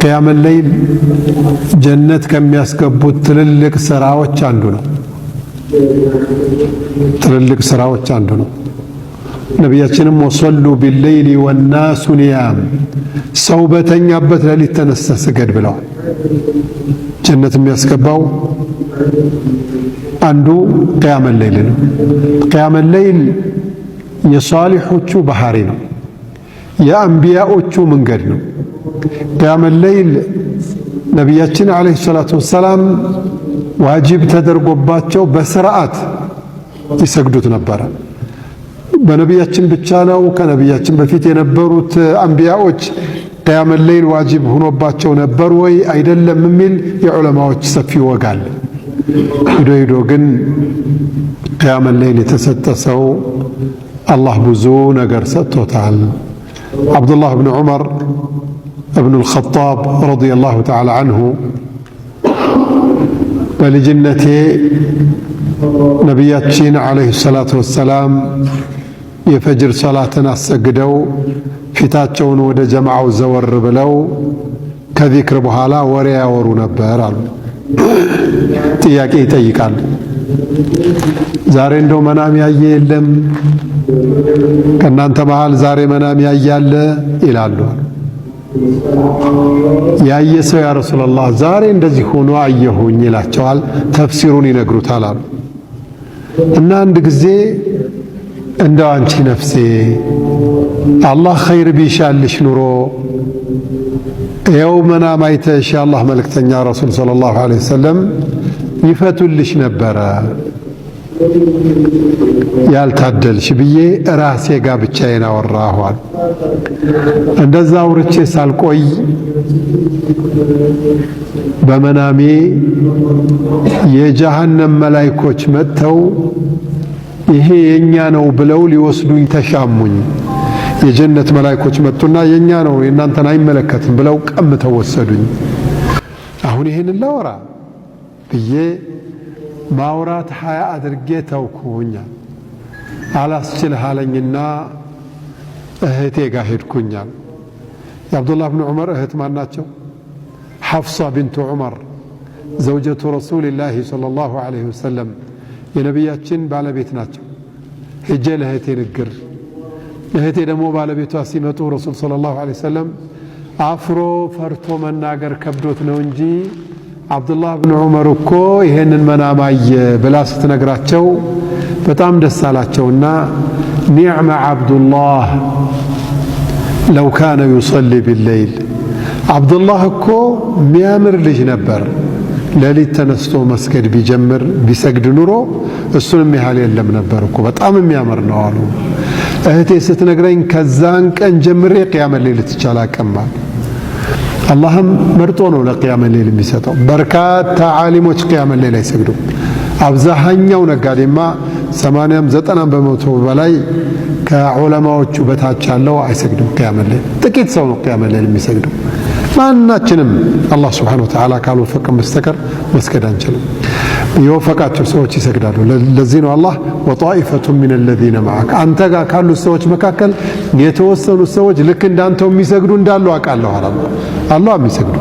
ቅያመን ለይል ጀነት ከሚያስገቡት ትልልቅ ስራዎች አንዱ ነው። ትልልቅ ስራዎች አንዱ ነው። ነቢያችንም ወሰሉ ቢለይሊ ወናሱ ኒያም፣ ሰው በተኛበት ሌሊት ተነሳ ስገድ ብለዋል። ጀነት የሚያስገባው አንዱ ቅያመን ለይል ነው። ቅያመን ለይል የሷሊሖቹ ባህሪ ነው። የአንቢያዎቹ መንገድ ነው። ያመለይል ነቢያችን ዓለይሂ ሰላቱ ወሰላም ዋጅብ ተደርጎባቸው በስርዓት ይሰግዱት ነበረ። በነቢያችን ብቻ ነው። ከነቢያችን በፊት የነበሩት አንቢያዎች ያመለይል ዋጅብ ሆኖባቸው ነበር ወይ አይደለም የሚል የዑለማዎች ሰፊ ይወጋል። ሂዶ ሂዶ ግን ያመለይል የተሰጠ ሰው አላህ ብዙ ነገር ሰጥቶታል። አብዱላህ ብን ዑመር እብኑ ልኸጣብ ረዲየላሁ ተዓላ አንሁ በልጅነቴ ነቢያችን ዓለይሂ ሰላቱ ወሰላም የፈጅር ሰላትን አሰግደው ፊታቸውን ወደ ጀማዓው ዘወር ብለው ከዚክር በኋላ ወሬ ያወሩ ነበር አሉ። ጥያቄ ይጠይቃል። ዛሬ እንደው መናም ያየ የለም? ከእናንተ መሃል ዛሬ መናም ያያለ ይላሉ። ያየ ሰው ያ ረሱላላህ ዛሬ እንደዚህ ሆኖ አየሁኝ ይላቸዋል። ተፍሲሩን ይነግሩታል አሉ እና አንድ ጊዜ እንደው አንቺ ነፍሴ አላህ ኸይር ቢሻልሽ ኑሮ ይኸው መናም አይተሽ የአላህ መልእክተኛ ረሱል ሰለላሁ ዐለይሂ ወሰለም ይፈቱልሽ ነበረ ያልታደልሽ ብዬ ራሴ ጋር ብቻዬን አወራኋል። እንደዛ አውርቼ ሳልቆይ በመናሜ የጀሃነም መላይኮች መጥተው ይሄ የኛ ነው ብለው ሊወስዱኝ ተሻሙኝ። የጀነት መላይኮች መጡና የኛ ነው የእናንተን አይመለከትም ብለው ቀምተው ወሰዱኝ። አሁን ይሄንን ላወራ ብዬ ማውራት ሀያ አድርጌ ተውኩኛል። አላስችልህ አለኝና እህቴ ጋር ሄድኩኛል። የአብዱላህ ብን ዑመር እህት ማን ናቸው? ሐፍሷ ቢንቱ ዑመር ዘውጀቱ ረሱልላህ ሰለላሁ ዐለይሂ ወሰለም የነቢያችን ባለቤት ናቸው። ሄጄ ለእህቴ ንግር እህቴ ደግሞ ባለቤቷ ሲመጡ ረሱል ሰለላሁ ዐለይሂ ወሰለም አፍሮ ፈርቶ መናገር ከብዶት ነው እንጂ አብዱላህ ብን ዑመር እኮ ይሄንን መናማየ ብላ ስትነግራቸው በጣም ደስ አላቸውና ኒዕመ ዓብዱላህ ለው ካነ ዩሰሊ ቢለይል ዓብዱላህ እኮ ሚያምር ልጅ ነበር። ሌሊት ተነስቶ መስገድ ቢጀምር ቢሰግድ ኑሮ እሱንም ያህል የለም ነበር እኮ በጣም የሚያምር ነው አሉ። እህቴ ስትነግረኝ ከዛን ቀን ጀምሬ ቅያመ ሌል ትቻል አቀማል። አላህም መርጦ ነው ለቅያመ ሌል የሚሰጠው። በርካታ ዓሊሞች ቅያመ ሌል አይሰግዱም። አብዛሃኛው ነጋዴማ ሰማንያም ዘጠናም በመቶ በላይ ከዑለማዎቹ በታች ያለው አይሰግድም። ቅያመለል ሌል ጥቂት ሰው ነው ቅያመ ሌል የሚሰግደው። ማናችንም አላህ ስብሓነሁ ወተዓላ ካልወፈቅን በስተቀር መስገድ አንችልም። የወፈቃቸው ሰዎች ይሰግዳሉ። ለዚህ ነው አላህ ወጣኢፈቱ ሚን ለዚነ መዓክ፣ አንተ ጋር ካሉት ሰዎች መካከል የተወሰኑት ሰዎች ልክ እንዳንተው የሚሰግዱ እንዳሉ አውቃለሁ አላ አላ የሚሰግዱ